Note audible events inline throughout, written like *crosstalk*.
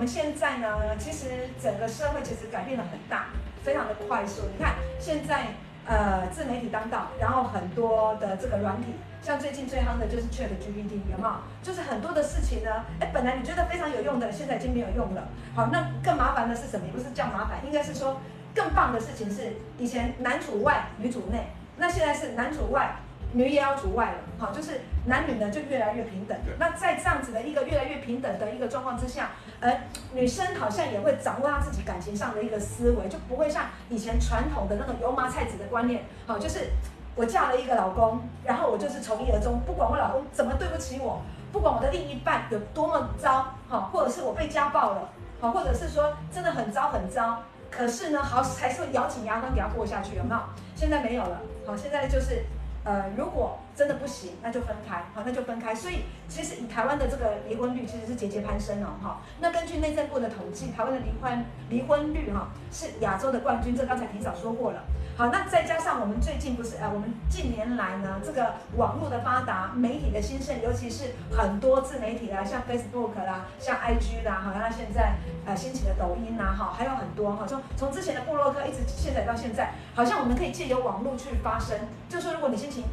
我們現在呢，其實整個社會其實改變了很大，非常的快速。你看現在，呃，自媒體當道，然後很多的這個軟體，像最近最夯的就是 ChatGPT，有沒有？就是很多的事情呢，哎、欸，本來你覺得非常有用的，現在已經沒有用了。好，那更麻煩的是什麼？也不是叫麻煩，應該是說更棒的事情是，以前男主外女主內，那現在是男主外。女也要主外了，好，就是男女呢就越來越平等。那在這樣子的一個越來越平等的一個狀況之下，呃，女生好像也會掌握她自己感情上的一個思維，就不會像以前傳統的那種油麻菜籽的觀念，好，就是我嫁了一個老公，然後我就是從一而終，不管我老公怎麼對不起我，不管我的另一半有多麼糟，哈，或者是我被家暴了，好，或者是說真的很糟很糟，可是呢，好，還是會咬緊牙關給他過下去，有沒有？現在沒有了，好，現在就是。呃，如果真的不行，那就分開，好，那就分開。所以，其實以台灣的這個離婚率，其實是節節攀升了、哦，哈、哦。那根據內政部的統計，台灣的離婚離婚率哈、哦、是亞洲的冠軍，這剛才霆嫂說過了。好，那再加上我們最近不是，呃我們近年來呢，這個網絡的發達，媒體的興盛，尤其是很多自媒體啦、啊，像 Facebook 啦、啊，像 IG 啦、啊，好，像他現在呃興起的抖音吶，哈，還有很多哈，從從之前的部落客一直卸載到現在，好像我們可以借由網絡去發聲，就是說如果你心情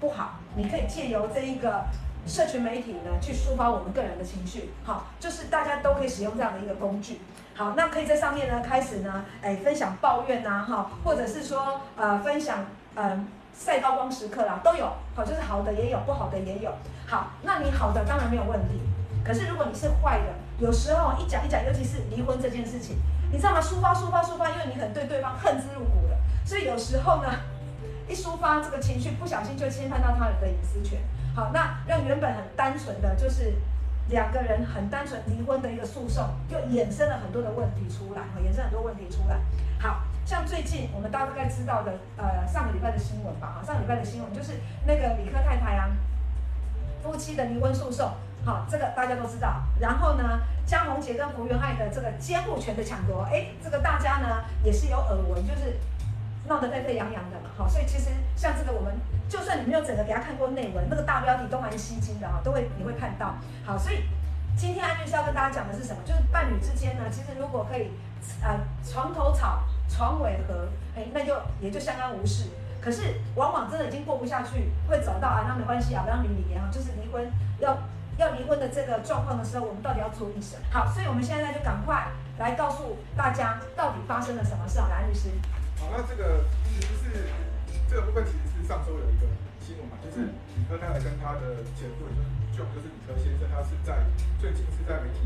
不好，你可以借由這一個。社群媒體呢，去抒發我們個人的情緒，好，就是大家都可以使用這樣的一個工具，好，那可以在上面呢，開始呢，哎、欸，分享抱怨吶，哈，或者是說，呃，分享，嗯、呃，曬高光時刻啦，都有，好，就是好的也有，不好的也有，好，那你好的當然沒有問題，可是如果你是壞的，有時候一講一講，尤其是離婚這件事情，你知道嗎？抒發抒發抒發，因為你可能對對方恨之入骨了，所以有時候呢，一抒發這個情緒，不小心就侵犯到他人的隱私權。好，那讓原本很單純的就是兩個人很單純離婚的一個訴訟，就衍生了很多的問題出來，衍生很多問題出來。好，像最近我們大概知道的，呃，上個禮拜的新聞吧，哈，上個禮拜的新聞就是那個理科太太啊，夫妻的離婚訴訟，好，這個大家都知道。然後呢，江宏杰跟福原愛的這個監護權的搶奪，哎，這個大家呢也是有耳聞，就是鬧得沸沸揚揚的，好，所以其實像這個。你沒有整個給他看過內文？那個大標題都蠻吸睛的哈，都會你會看到。好，所以今天安律師要跟大家講的是什麼？就是伴侶之間呢，其實如果可以，呃、床頭吵，床尾和，哎、欸，那就也就相安無事。可是往往真的已經過不下去，會找到啊，那沒關係啊，不讓離，離啊，就是離婚，要要離婚的這個狀況的時候，我們到底要注意什麼？好，所以我們現在就趕快來告訴大家，到底發生了什麼事？來，安律師。好、哦，那這個其實、就是。這個部分其實是上周有一個新聞嘛，就是李克太太跟她的前夫，也就是舊，就是李克先生，他是在最近是在媒體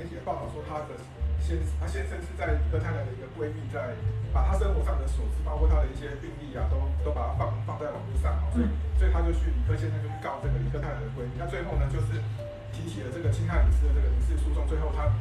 媒體的報道說他的先他先生是在李克太太的一個閨蜜在把他生活上的所知，包括他的一些病歷啊，都都把它放放在網絡上好，所以、嗯、所以他就去李克先生就去告這個李克太太的閨蜜，那最後呢就是提起了這個侵害隱私的這個民事訴訟，最後他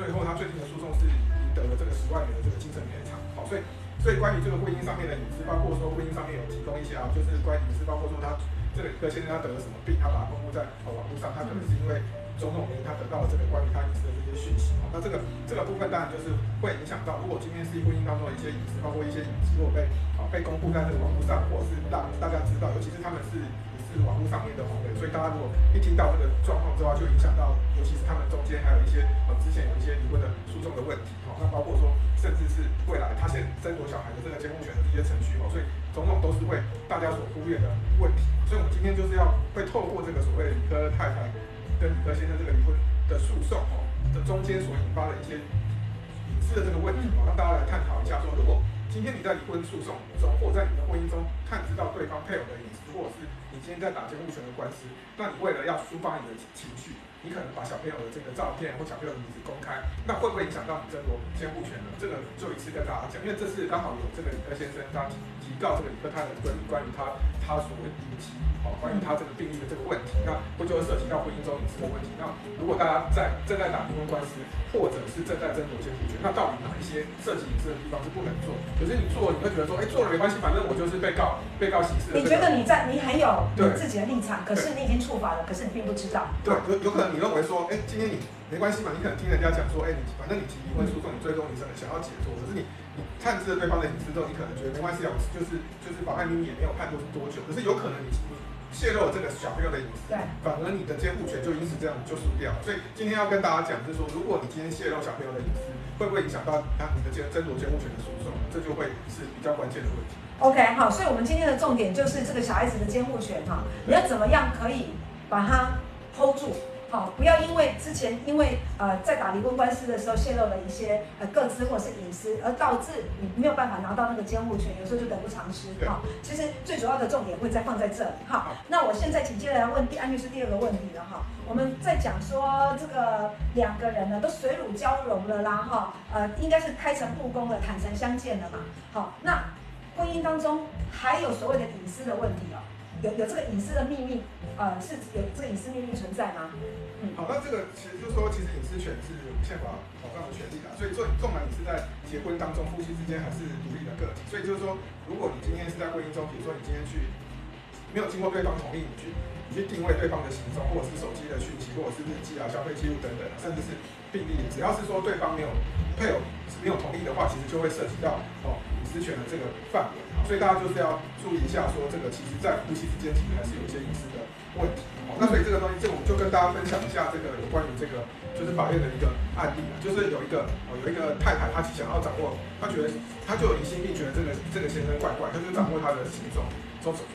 最後他最近的訴訟是贏得了這個十萬元的這個精神賠償，好，所以。所以關於這個婚姻上面的隱私，包括說婚姻上面有提供一些啊，就是關於隱私，包括說他這個現在他得了什麼病，他把它公布在呃網絡上，他可能是因為種種原因他得到了這個關於他隱私的這些訊息，啊，那這個這個部分當然就是會影響到，如果今天是婚姻當中的一些隱私，包括一些隱私如果被啊被公布在這個網絡上，或是讓大家知道，尤其是他們是。是網絡上面的法律，所以大家如果一聽到這個狀況之後，就影響到，尤其是他們中間還有一些呃之前有一些離婚的訴訟的問題，哈、喔，那包括說，甚至是未來他現在爭奪小孩的這個監護權的一些程序，哈、喔，所以種種都是為大家所忽略的問題。所以，我們今天就是要會透過這個所謂理科太太跟理科先生這個離婚的訴訟，哈、喔，的中間所引發的一些隱私的這個問題，哦、喔，讓大家來探討一下說，說如果今天你在離婚訴訟中，或在你的婚姻中探知到對方配偶的隱私，或是。你今天在打監護權的官司，那你為了要抒發你的情緒，你可能把小朋友的這個照片、或小朋友的名字公開，那會不會影響到你爭奪監護權呢？這個就一次跟大家講，因為這次剛好有這個理科先生他提告這個理科太太的關於關於他他所謂動機，好，關於他這個病例的這個問題，那不就會涉及到婚姻中隱私的問題？那如果大家在正在打離婚官司，或者是正在爭奪監護權，那到底哪一些涉及隱私的地方是不能做？可是你做，你會覺得說，哎、欸，做了沒關係，反正我就是被告被告刑事的。你覺得你在你很有？對自己的立場，對可是你已經觸法了，對可是你並不知道。對，有、啊、有可能你認為說，哎，今天你沒關係嘛？你可能聽人家講說，哎，你反正你提離婚訴訟，你最終你是很想要解脫，可是你你探知了對方的隱私之後，你可能覺得沒關係啊，就是就是，法官你也沒有判多多久，可是有可能你洩露了這個小朋友的隱私，對反而你的監護權就因此這樣就輸掉了。所以今天要跟大家講，就是說，如果你今天洩露小朋友的隱私，會不會影響到啊你的監爭奪監護權的訴訟？這就會是比較關鍵的問題。OK，好，所以我們今天的重點就是這個小孩子的監護權哈，你要怎麼樣可以把它 hold 住，好，不要因為之前因為呃在打離婚官司的時候泄露了一些呃個資或是隱私，而導致你沒有辦法拿到那個監護權，有時候就得不償失哈。其實最主要的重點會再放在這裡哈。那我現在緊接着來問安律師第二就是第二個問題了哈，我們在講說這個兩個人呢都水乳交融了啦哈，呃應該是開誠布公的坦誠相見了嘛，好那。婚姻當中還有所謂的隱私的問題哦，有有這個隱私的秘密，呃，是有這個隱私秘密存在嗎？嗯，好，那這個其實就是說，其實隱私權是憲法保障的權利的啊，所以，說縱然你是在結婚當中，夫妻之間還是獨立的個體，所以就是說，如果你今天是在婚姻中，比如說你今天去。沒有經過對方同意，你去你去定位對方的行蹤，或者是手機的訊息，或者是日記啊、消費記錄等等，甚至是病歷，只要是說對方沒有配偶沒有同意的話，其實就會涉及到哦隱私權的這個範圍。所以大家就是要注意一下說，說這個其實，在夫妻之間其實還是有一些隱私的問題，哦。那所以這個東西，這我就跟大家分享一下這個有關於這個就是法院的一個案例，就是有一個哦有一個太太，她其實想要掌握，她覺得她就有疑心病，覺得這個這個先生怪怪，她就掌握他的行蹤。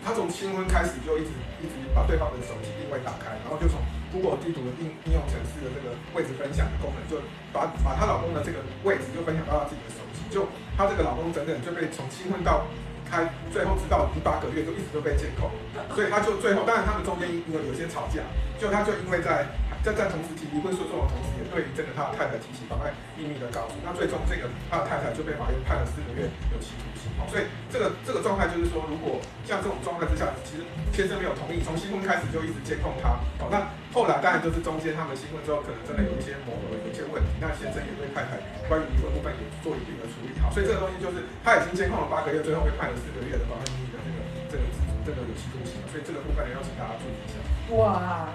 她從新婚開始就一直一直把對方的手機定位打開，然後就從 Google 地圖的應應用程式的這個位置分享的功能，就把把她老公的這個位置就分享到她自己的手機，就她這個老公整整就被從新婚到開最後直到第八個月，就一直都被監控，所以她就最後，當然他們中間因為有些吵架。就他就因為在在在同時提離婚訴訟的同時，也對這個他的太太提起妨害秘密的告訴。那最終這個他的太太就被法院判了四個月有期徒刑。哦、所以這個這個狀態就是說，如果像這種狀態之下，其實先生沒有同意，從新婚開始就一直監控他。好、哦，那後來當然就是中間他們新婚之後，可能真的有一些磨合，有一些問題。那先生也對太太關於離婚部分也做一定的處理。好、哦，所以這個東西就是他已經監控了八個月，最後被判了四個月的妨害。這個有期徒刑，啊，所以這個部分要請大家注意一下。哇，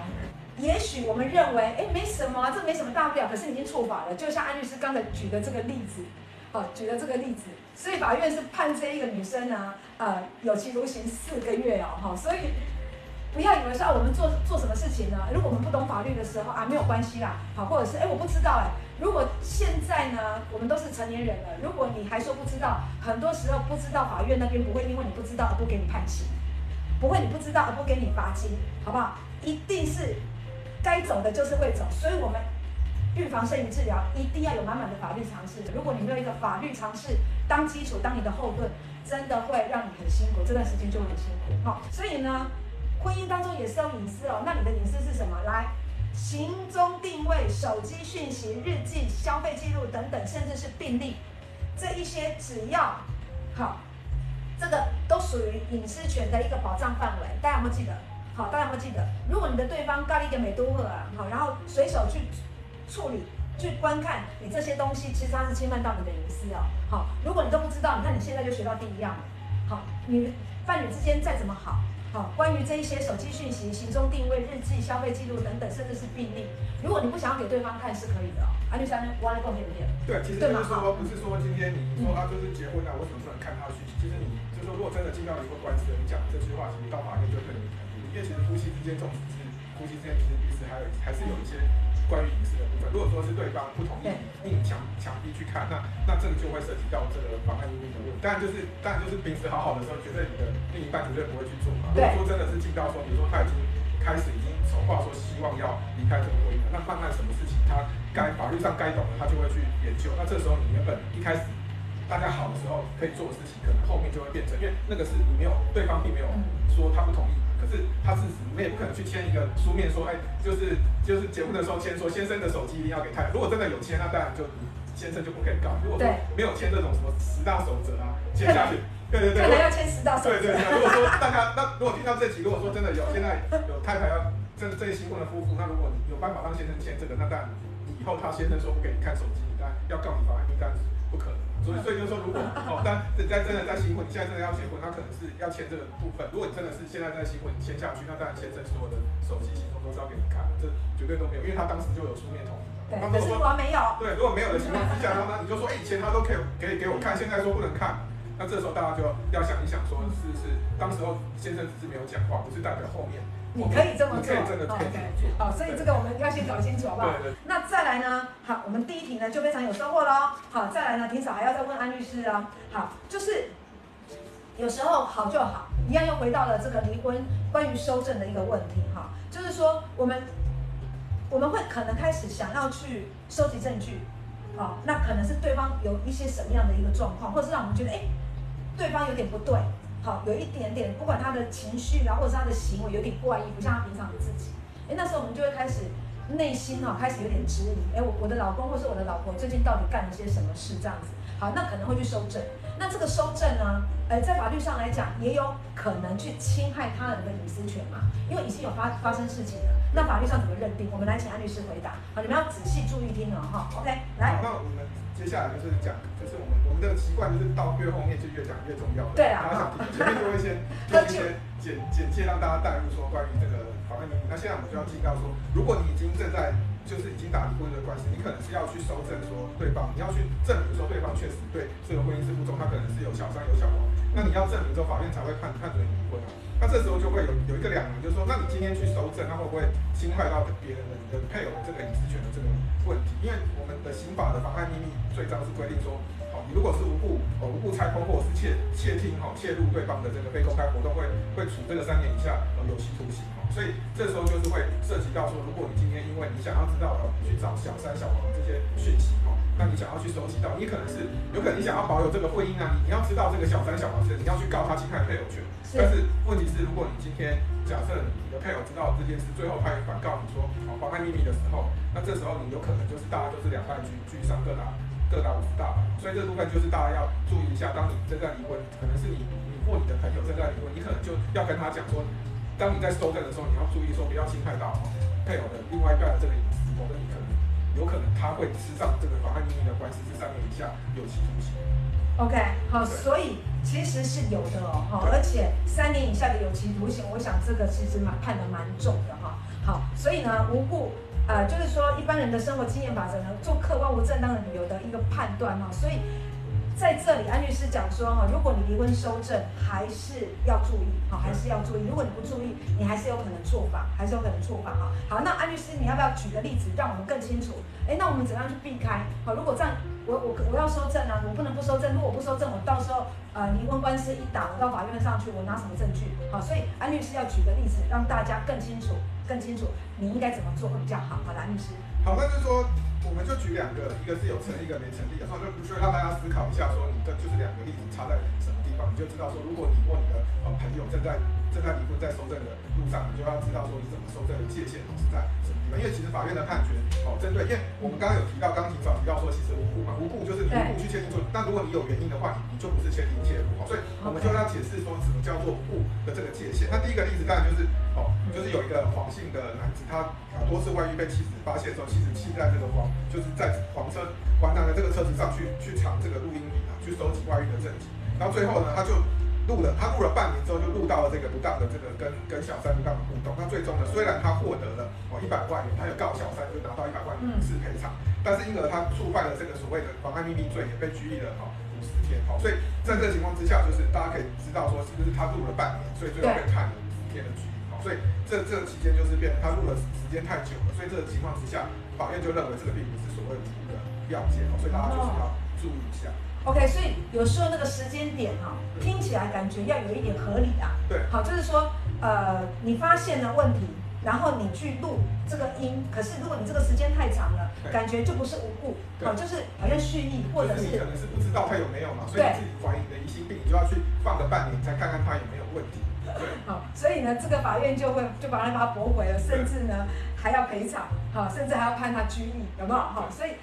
也許我們認為，哎，沒什麼，這沒什麼大不了。可是已經觸法了，就像安律師剛才舉的這個例子，呃、舉的這個例子，所以法院是判這一個女生呢，呃，有期徒刑四個月哦，所以不要以為說、啊、我們做做什麼事情呢？如果我們不懂法律的時候啊，沒有關係啦，好，或者是哎，我不知道哎、欸。如果現在呢，我們都是成年人了，如果你還說不知道，很多時候不知道，法院那邊不會因為你不知道而不給你判刑。不會，你不知道，而不給你罰金，好不好？一定是，該走的就是會走，所以我們預防勝於治療，一定要有滿滿的法律常識。如果你沒有一個法律常識當基礎、當你的後盾，真的會讓你很辛苦，這段時間就很辛苦。好、哦，所以呢，婚姻當中也是有隱私哦。那你的隱私是什麼？來，行蹤定位、手機訊息、日記、消費記錄等等，甚至是病歷，這一些只要好、哦，這個。都屬於隱私權的一個保障範圍，大家有沒有記得？好，大家有沒有記得？如果你的對方高麗姐美杜鶴啊，好，然後隨手去處理、去觀看你這些東西，其實它是侵犯到你的隱私哦。好，如果你都不知道，你看你現在就學到第一樣了，好，你伴侶之間再怎麼好，好，關於這一些手機訊息、行蹤定位、日記、消費記錄等等，甚至是病歷，如果你不想要給對方看，是可以的、哦、啊。哦。安律師呢，觀點對不對？對，其實就是說嗎，不是說今天你，你說他就是結婚了，嗯、我怎麼算看他訊息，其實你。如果真的進到離婚官司，你講這句話，其實到法院就會對你很不利，因為其實夫妻之間這種事，夫妻之間其實彼此還有還是有一些關於隱私的部分。如果說是對方不同意硬強強逼，去看，那那這個就會涉及到這個妨礙秘密的問題。當然就是但就是平時好好的時候，覺得你的另一半絕對不會去做嘛。對如果說真的是進到說，比如說他已經開始已經籌劃說希望要離開這個婚姻了，那辦案什麼事情，他該法律上該懂的，他就會去研究。那這時候你原本一開始大家好的時候可以做的事情，可能後面就會變成，因為那個是你沒有，對方並沒有說他不同意，嗯、可是他自己，你們也不可能去簽一個書面說，哎、欸，就是就是結婚的時候簽說先生的手機一定要給太太，如果真的有簽，那當然就先生就不可以告。如果說沒有簽這種什麼十大守則啊，簽下去，可能對對對，對要簽十大守則。對對，對對，如果說大家那如果聽到這期如果說真的有現在有太太要這這些新婚的夫婦，那如果你有辦法讓先生簽這個，那當然以後他先生說不給你看手機。要告你妨礙民，但是不可能，所以所以就是說如果哦，他真真真的在新婚，你現在真的要結婚，他可能是要簽這個部分。如果你真的是現在在新婚，你簽下去，那當然先生所有的手機行動都是要給你看，這絕對都沒有，因為他當時就有書面同意，他都說沒有。對，如果沒有的情況下，那你就說以前他都可以可以給我看，現在說不能看，那這時候大家就要，要想一想說，說是不是當時候先生只是沒有講話，不是代表後面。你可以這麼做好，OK，好，所以這個我們要先搞清楚，好不好？對對對，那再來呢？好，我們第一題呢就非常有收穫了。好，再來呢，霆嫂還要再問安律師啊。好，就是有時候好就好，一樣又回到了這個離婚關於蒐證的一個問題。哈，就是說我們我們會可能開始想要去收集證據，啊，那可能是對方有一些什麼樣的一個狀況，或者是讓我們覺得誒、欸，對方有點不對。好，有一點點，不管他的情緒啊，或者是他的行為有點怪異，不像他平常的自己。誒、欸，那時候我們就會開始內心哦、啊，開始有點質疑。誒、欸，我我的老公或是我的老婆最近到底幹了些什麼事？這樣子，好，那可能會去收證。那這個收證呢、啊，哎、欸，在法律上來講，也有可能去侵害他人的隱私權嘛，因為已經有發發生事情了。那法律上怎麼認定？我們來請安律師回答。好，你們要仔細注意聽哦、喔，哈，OK，來。好，那我們接下來就是講，就是我們。的習慣就是到越後面就越講越重要的，對啊，然後想隨便多一些，一些簡簡介讓大家帶入說關於這個妨害秘密。 *laughs* 那現在我們就要進到說，如果你已經正在就是已經打離婚的官司，你可能是要去搜證說對方，你要去證明說對方確實對這個婚姻是不忠，他可能是有小三有小王，那你要證明之後法院才會判判準你離婚啊。那這時候就會有有一個兩難，就是說，那你今天去搜證，那會不會侵害到別人你的配偶這個隱私權的這個問題？因為我們的刑法的妨害秘密罪章是規定說。你如果是無故哦、喔、無故拆封或者是竊竊聽哈，竊、喔、入對方的這個非公開活動會，會會處這個三年以下有期、喔、徒刑哈、喔。所以這時候就是會涉及到說，如果你今天因為你想要知道、喔、你去找小三小王這些訊息哈、喔，那你想要去收集到，你可能是有可能你想要保有這個婚姻啊，你，你要知道這個小三小王是你要去告他侵害配偶權。是但是問題是，如果你今天假設你的配偶知道這件事，最後他也反告你說哦妨害秘密的時候，那這時候你有可能就是大家就是兩敗俱俱傷更大。各打五十大板，所以這個部分就是大家要注意一下。當你正在離婚，可能是你你或你的朋友正在離婚，你可能就要跟他講說，當你在收證的時候，你要注意說，不要侵害到配偶的另外一半的這個隱私，否則你可能有可能他會吃上這個妨害秘密的官司，是三年以下有期徒刑。OK，好，對所以其實是有的哦、喔，好、喔，對而且三年以下的有期徒刑，我想這個其實蠻判的蠻重的哈、喔。好，所以呢，無故。呃，就是說一般人的生活經驗法則呢，做客觀無正當的理由的一個判斷哈、哦，所以在這裡，安律師講說哈、哦，如果你離婚收證，還是要注意，好，還是要注意，如果你不注意，你還是有可能觸法，還是有可能觸法、哦、好，那安律師，你要不要舉個例子，讓我們更清楚？哎，那我們怎樣去避開？好，如果這樣，我我我要收證啊，我不能不收證，如果不收證，我到時候。呃，離婚官司一打，我到法院上去，我拿什麼證據？好，所以安律師要舉個例子，讓大家更清楚、更清楚，你應該怎麼做會比較好。好的，安律師。好，那就說，我們就舉兩個，一個是有成立，一個沒成立，然後就不需要讓大家思考一下說，說你的就是兩個例子差在什麼地方，你就知道說，如果你或你的呃朋友正在。正在離婚在收證的路上，你就要知道說你怎麼收證的界限是在什麼地方。因為其實法院的判決哦，針對因為我們剛剛有提到，剛、嗯、提、提到要說其實無故嘛，無故就是你無故去簽離婚，對但如果你有原因的話，你、你就不是簽離結婚。所以我們就要解釋說，什麼叫做無故的這個界限。嗯、那第一個例子當然就是哦，對就是有一個黃姓的男子，他多次外遇被妻子發現之後，妻子騎在那個黃就是在黃車、黃男的這個車子上去去藏這個錄音筆啊，去收集外遇的證據，然後最後呢，他就。錄了，他錄了半年之後就錄到了這個不當的這個跟跟小三不當的互動。那最終呢，雖然他獲得了哦一百萬元，他有告小三就拿到一百萬元民事賠償，嗯、但是因而他觸犯了這個所謂的妨害秘密罪，也被拘役了哦五十天。好，所以在這個情況之下，就是大家可以知道說，是不是他錄了半年，所以最後被判了五天的拘役。對所以這這個、期間就是變得他錄了時間太久了，所以這個情況之下，法院就認為這個並不是所謂的一個要件。所以大家就是要注意一下。嗯 OK，所以有時候那個時間點哈、喔，對聽起來感覺要有一點合理的、啊，對，好，就是說，呃，你發現了問題，然後你去錄這個音，可是如果你這個時間太長了，對感覺就不是無故，好對、喔，就是好像蓄意，對或者是，可，是你可能是不知道他有沒有嘛，所以你自己懷疑的疑心病，你就要去放個半年，再看看他有沒有問題，對，好，所以呢，這個法院就會就把他駁回了，甚至呢對還要賠償，好、喔，甚至還要判他拘役，有沒有？好、喔？哈對，所以。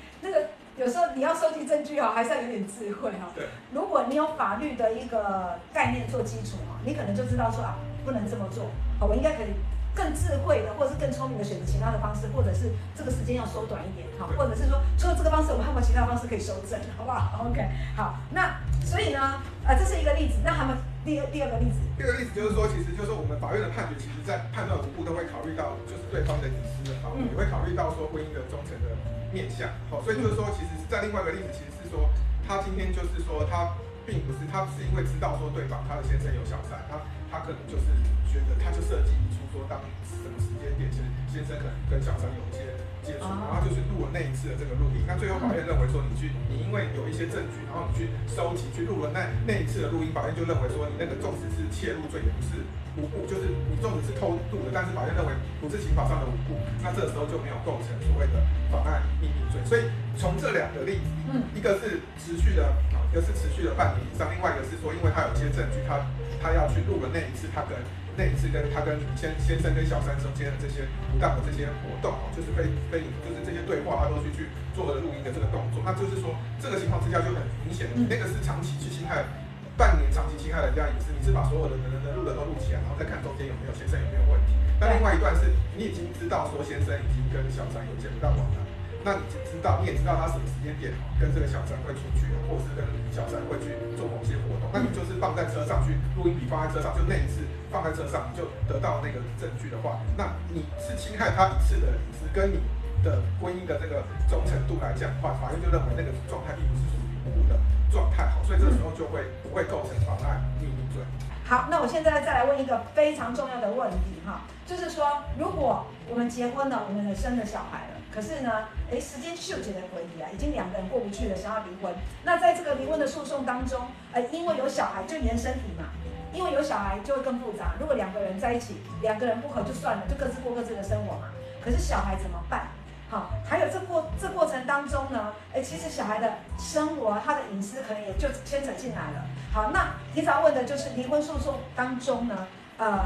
有時候你要收集證據啊、哦，還是要有點智慧哈、哦。對。如果你有法律的一個概念做基礎哈、哦，你可能就知道說啊，不能這麼做，我應該可以更智慧的，或者是更聰明的選擇其他的方式，或者是這個時間要縮短一點，好，或者是說除了這個方式，我們還有沒有其他的方式可以收證，好不好？OK，好，那所以呢，呃，這是一個例子。那他們第第二個例子，第二個例子就是說，其實就是我們法院的判決，其實在判斷時步都會考慮到就是對方的隱私，好、嗯，也會考慮到說婚姻的忠誠的面向，好、哦，所以就是說，其實，在另外一個例子，其實是說，他今天就是說，他並不是，他不是因為知道說對方他的先生有小三，他他可能就是覺得，他就設計一出說，當什麼時間點，其實先生可能跟小三有一些接觸，然後就是錄了那一次的這個錄音，那最後法院認為說你去，你因為有一些證據，然後你去收集去錄了那那一次的錄音，法院就認為說你那個縱使是竊錄罪，也不是無故，就是你縱使是偷錄的，但是法院認為不是刑法上的無故，那這時候就沒有構成所謂的妨礙秘密罪。所以從這兩個例子，一個是持續的啊，一個是持續的半年以上，另外一個是說因為他有一些證據，他他要去錄了那一次，他跟。那一次跟他跟先先生跟小三中間的這些不當的這些活動，就是被被就是這些對話，他都去去做了錄音的這個動作。那就是說，這個情況之下就很明顯，那個是長期去侵害，半年長期侵害人家隱私，你是把所有的人人人錄的都錄起來，然後再看中間有沒有先生有沒有問題。那另外一段是你已經知道說先生已經跟小三有見不到往來，那你知道你也知道他什麼時間點跟這個小三會出去，或是跟小三會去做某些活動，那你就是。放在車上去錄音筆放在車上，就那一次放在車上，你就得到那個證據的話，那你是侵害他一次的隱私，跟你的婚姻的這個忠誠度來講的話，法院就認為那個狀態並不是屬於無故的狀態，好，所以這個時候就會不會構成妨害秘密罪。好，那我現在再來問一個非常重要的問題哈，就是說如果我們結婚了，我們生了小孩了。可是呢，誒時間秀覺的回憶啊，已經兩個人過不去了，想要離婚。那在這個離婚的訴訟當中，呃，因為有小孩就延身體嘛，因為有小孩就會更複雜。如果兩個人在一起，兩個人不合就算了，就各自過各自的生活嘛。可是小孩怎麼辦？好、哦，還有這過這過程當中呢誒，其實小孩的生活，他的隱私可能也就牽扯進來了。好，那平常問的就是離婚訴訟當中呢，呃。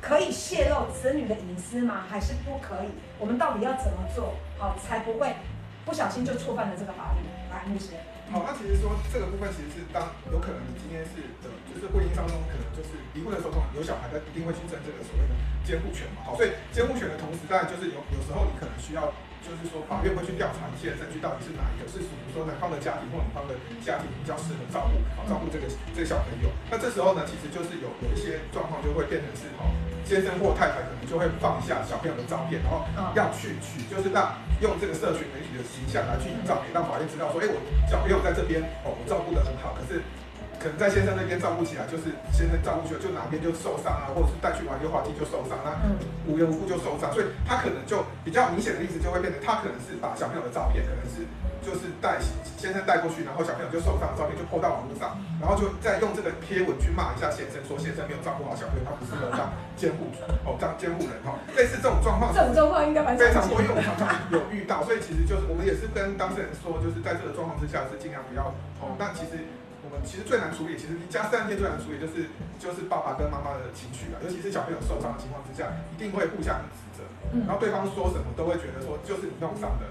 可以泄露子女的隱私嗎？還是不可以？我們到底要怎麼做好，哦，才不會不小心就觸犯了這個法律？來，律師。好，那其實說這個部分，其實是當有可能你今天是的，呃，就是婚姻當中，可能就是離婚的時候，有小孩，他一定會去爭這個所謂的監護權嘛。好，所以監護權的同時，當然就是有有時候你可能需要。就是說，法院會去調查一些證據到底是哪一個事情。就是、比如說男方的家庭或女方的家庭比較適合照顧，照顧這個這個小朋友。那這時候呢，其實就是有有一些狀況就會變成是哦，先生或太太可能就會放一下小朋友的照片，然後要去取，就是讓用這個社群媒體的形象來去照片，讓法院知道說，哎，我小朋友在這邊哦，我照顧得很好，可是。可能在先生那邊照顧起來，就是先生照顧起來，就哪邊就受傷啊，或者是帶去玩溜滑梯就受傷啊，無緣無故就受傷，所以他可能就比較明顯的例子，就會變成他可能是把小朋友的照片，可能是就是帶先生帶過去，然後小朋友就受傷的照片就潑到網絡上，然後就再用這個貼文去罵一下先生，說先生沒有照顧好小朋友，他不適合當監護哦，當監護人哦。類似這種狀況，這種狀況應該蠻非常多用常常有遇到，所以其實就是我們也是跟當事人說，就是在這個狀況之下是盡量不要哦，但其實。我們其實最難處理，其實一家三天最難處理，就是就是爸爸跟媽媽的情緒啊，尤其是小朋友受傷的情況之下，一定會互相指責，然後對方說什麼都會覺得說就是你弄傷的，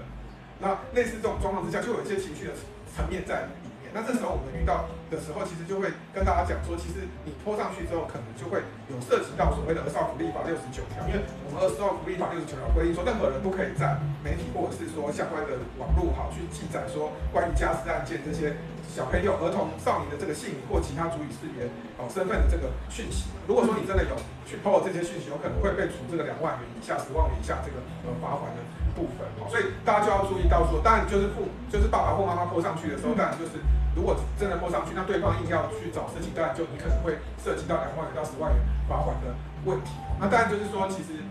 那類似這種狀況之下，就有一些情緒的層面在裡面。那這時候我們遇到的時候，其實就會跟大家講說，其實你拖上去之後，可能就會有涉及到所謂的、《兒少福利法》六十九條，因為我們、《兒少福利法》六十九條規定說，任何人不可以在媒體或者是說相關的網絡好去記載說關於家事案件這些小朋友兒童少年的這個姓名或其他足以識別哦身份的這個訊息。如果說你真的有去潑這些訊息，有可能會被處這個兩萬元以下十萬元以下這個呃罰款的部分。哦、所以大家就要注意到說，當然就是父就是爸爸或媽媽潑上去的時候，當然就是。如果真的摸上去，那對方硬要去找事情，當然就你可能會涉及到兩萬,萬元到十萬元罰款的問題。那當然就是說，其實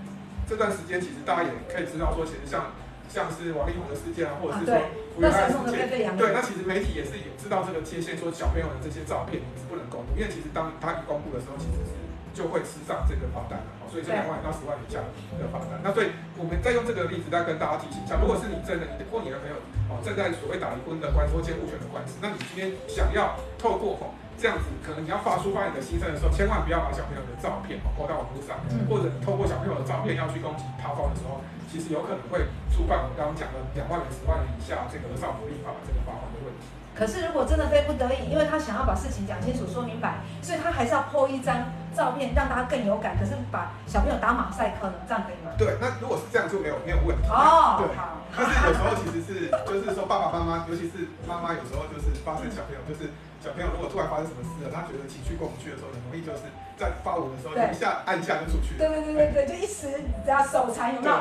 這段時間其實大家也可以知道說，說其實像像是王力宏的事件啊，或者是說福原愛，啊、的事件，對，那其實媒體也是也知道這個界限，說小朋友的這些照片是不能公布，因為其實當他一公布的時候，其實。就會吃上這個罰單了，所以這兩萬到十萬以下的罰單，對啊、那所以我們再用這個例子再跟大家提醒一下，如果是你真的你的過年的朋友哦正在所謂打離婚的官司或監護權的官司，那你今天想要透過哦這樣子，可能你要發出發你的心聲的時候，千萬不要把小朋友的照片哦拋到網絡上，嗯、或者你透過小朋友的照片要去攻擊他方的時候，其實有可能會觸犯我們剛剛講的兩萬到十萬以下這個兒少福利法這個罰款的問題。可是如果真的非不得已，因為他想要把事情講清楚、說明白，所以他還是要破一張。照片讓大家更有感，可是把小朋友打馬賽克了，這樣可以嗎？對，那如果是這樣就沒有沒有問題。哦，好。但是有時候其實是，就是說爸爸媽媽，尤其是媽媽，有時候就是發生小朋友，就是小朋友如果突然發生什麼事了，他覺得情緒過不去的時候，很容易就是在發我的時候一下按一下就出去。對對對對對，就一時只要手殘有沒有，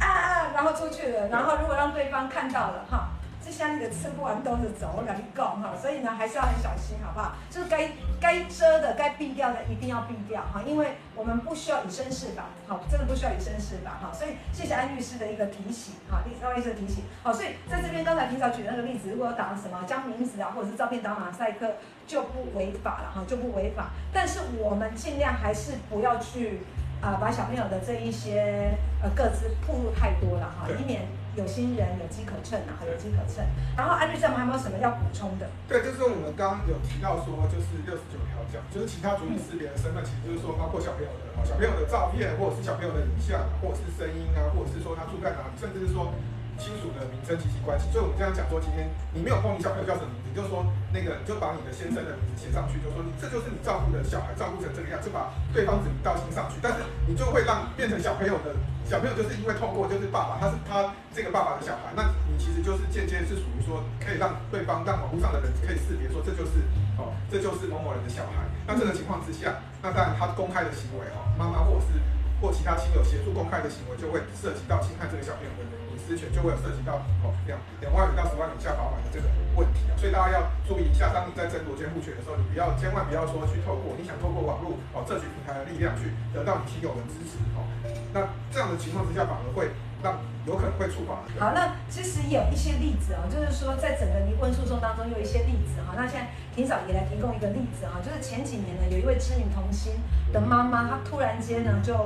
按按然後出去了，然後如果讓對方看到了哈。這些你吃不完兜着走，我跟你講，哈，所以呢還是要很小心，好不好？就是該該遮的，該避掉的，一定要避掉哈，因為我們不需要以身試法，好，真的不需要以身試法哈。所以謝謝安律師的一個提醒哈，提醒。好，所以在這邊剛才霆嫂舉的那個例子，如果有打了什麼將名字啊或者是照片打馬賽克，就不違法了哈，就不違法。但是我們儘量還是不要去啊，呃，把小朋友的這一些呃，個資曝露太多了哈，以免。有心人，有機可乘啊，有機可乘。然後安律師，我們還有沒有什麼要補充的？對，就是我們剛剛有提到說，就是六十九條講，就是其他足以識別的身份，其實就是說，包括小朋友的哦，小朋友的照片，或者是小朋友的影像，或者是聲音啊，或者是說他住在哪裡，甚至是說。親屬的名稱及其關係，所以我們這樣講說：今天你沒有報名小朋友叫什麼名字，你就說那個你就把你的先生的名字寫上去，就說你這就是你照顧的小孩，照顧成這個樣子，把對方指名道姓上去。但是你就會讓變成小朋友的，小朋友就是因為透過就是爸爸，他是他這個爸爸的小孩，那你其實就是間接是屬於說可以讓對方讓網絡上的人可以識別說這就是哦這就是某某人的小孩。那這個情況之下，那當然他公開的行為哦，媽媽或者是或其他親友協助公開的行為，就會涉及到侵害這個小朋友的。之前就會有涉及到哦，兩兩萬元到十萬元以下罰款的這個問題啊，所以大家要注意一下，當你在爭奪監護權的時候，你不要千萬不要說去透過你想透過網絡哦，這些平台的力量去得到你親友的支持哦，那這樣的情況之下反而會讓有可能會觸法。好，那其實也有一些例子啊、哦，就是說在整個離婚訴訟當中有一些例子哈、哦，那現在霆嫂也來提供一個例子啊、哦，就是前幾年呢，有一位知名童星的媽媽，對 她突然間呢就。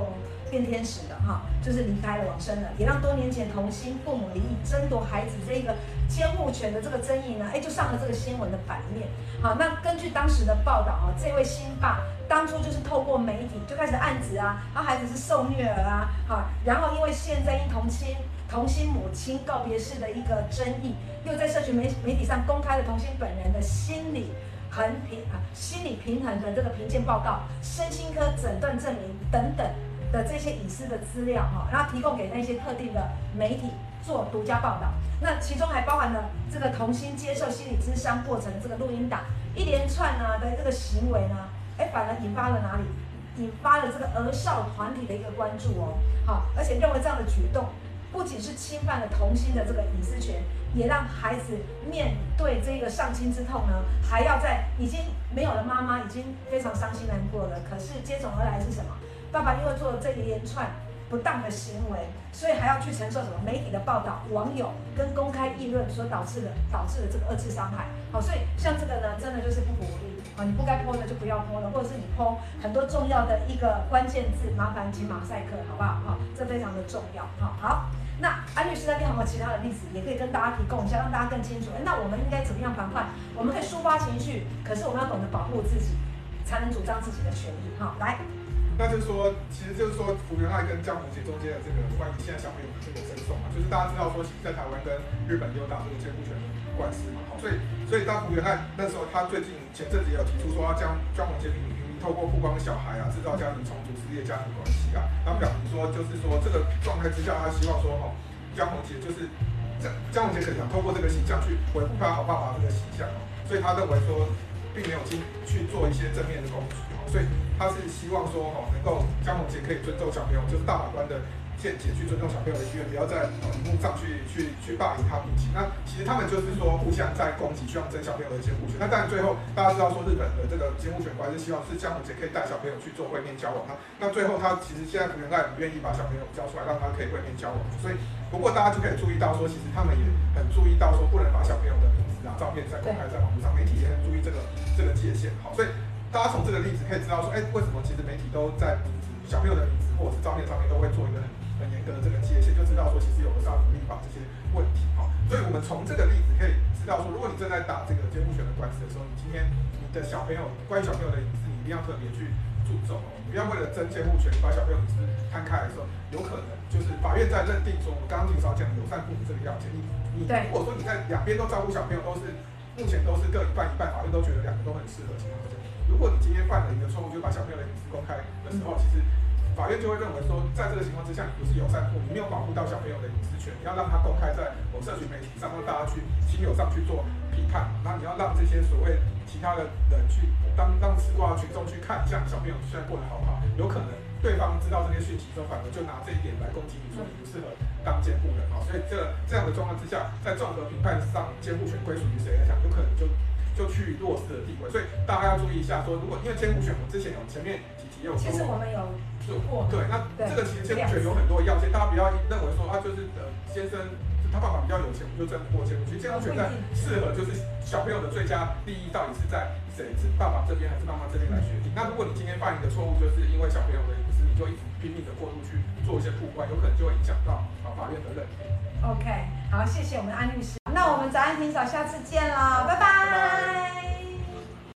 變天使的哈，就是離開了，往生了，也讓多年前童星父母離異爭奪孩子這個監護權的這個爭議呢，哎、欸，就上了這個新聞的版面。好，那根據當時的報道啊，這位星爸當初就是透過媒體就開始暗指啊，他孩子是受虐兒啊，好，然後因為現在因童親童星母親告別式的一個爭議，又在社群媒媒體上公開了童星本人的心理衡平啊，心理平衡的這個評鑑報告、身心科診斷證明等等。的這些隱私的資料哈，然後提供給那些特定的媒體做獨家報道，那其中還包含了這個童心接受心理諮商過程這個錄音檔，一連串呢的這個行為呢，哎、欸，反而引發了哪裡？引發了這個兒少團體的一個關注哦，好，而且認為這樣的舉動不僅是侵犯了童心的這個隱私權，也讓孩子面對這個喪親之痛呢，還要在已經沒有了媽媽，已經非常傷心難過了，可是接踵而來是什麼？爸爸因為做了這一連串不當的行為，所以還要去承受什麼媒體的報道、網友跟公開議論所導致的導致的這個二次傷害。好，所以像這個呢，真的就是不鼓勵啊！你不該 po 的就不要 po 了，或者是你 po 很多重要的一個關鍵字，麻煩請馬賽克，好不好？好，這非常的重要。哈，好，那安律師那邊還有沒有其他的例子，也可以跟大家提供一下，讓大家更清楚。欸，那我們應該怎麼樣防範？我們可以抒發情緒，可是我們要懂得保護自己，才能主張自己的權益。哈，來。那就是說，其實就是說福原愛跟江宏杰中間的這個關於現在小朋友的這個贈送嘛，就是大家知道說其實在台灣跟日本也有打這個監護權的官司嘛，好，所以所以當福原愛那時候他最近前陣子也有提出說要將江宏杰明，明明透過曝光小孩啊制造家庭重組、事業家庭關係啊，然後表明說就是說這個狀態之下，他希望說哈、哦、江宏杰就是江江宏杰很想透過這個形象去維護他好爸爸這個形象，哦，所以他認為說並沒有去去做一些正面的功夫。所以他是希望說，哈，能夠江宏傑可以尊重小朋友，就是大法官的見解去尊重小朋友的意願，不要在屏幕上去去去霸凌他母親。那其實他們就是說互相在攻擊，希望爭小朋友的監護權。那但最後大家知道說，日本的這個監護權官是希望是江宏傑可以帶小朋友去做會面交往。那那最後他其實現在福原愛不願意把小朋友交出來，讓他可以會面交往。所以不過大家就可以注意到說，其實他們也很注意到說，不能把小朋友的名字啊照片再公開對在網絡上，媒體也很注意這個這個界限。好，所以。大家從這個例子可以知道說，哎、欸，為什麼其實媒體都在、嗯、小朋友的隱私或者是照片上面都會做一個很很嚴格的這個界限，就知道說其實有的時候會引發這些問題哈、哦。所以我們從這個例子可以知道說，如果你正在打這個監護權的官司的時候，你今天你的小朋友關於小朋友的隱私，你一定要特別去注重哦，不要為了爭監護權把小朋友隱私攤開的時候，有可能就是法院在認定中，剛剛霆嫂講友善父母這個要件，你你對如果說你在兩邊都照顧小朋友都是目前都是各一半一半，法院都覺得兩個都很適合。如果你今天犯了一個錯誤，就把小朋友的隱私公開的時候，其實法院就會認為說，在這個情況之下，你不是友善戶，你沒有保護到小朋友的隱私權。你要讓他公開在某、哦、社群媒體上，讓大家去親友上去做評判，那你要讓這些所謂其他的人去當當吃瓜群眾去看，一下你小朋友現在過得好不好？有可能對方知道這些訊息之後，反而就拿這一點來攻擊你，說你不適合當監護人。好，所以這這樣的狀況之下，在綜合評判上，監護權歸屬於誰來講，有可能就。就去落實的地位，所以大家要注意一下說，說如果因為監護權，我之前有前面幾集也有說，其，其，其，其，其，其實我們有有過對，過對那這個其實監護權有很多要件。對次大家不要認為說啊，就是呃先生他爸爸比較有錢，我們就爭不過監護權。監護權在適合就是小朋友的最佳利益到底是在誰？是爸爸這邊還是媽媽這邊來決定？嗯、那如果你今天犯一個錯誤，就是因為小朋友的隱私，你就一直拼命的過度去做一些曝光，有可能就會影響到啊法院的認定。OK，好，謝謝我們安律師。那我們早安，霆嫂，下次見嘍，拜拜。拜拜。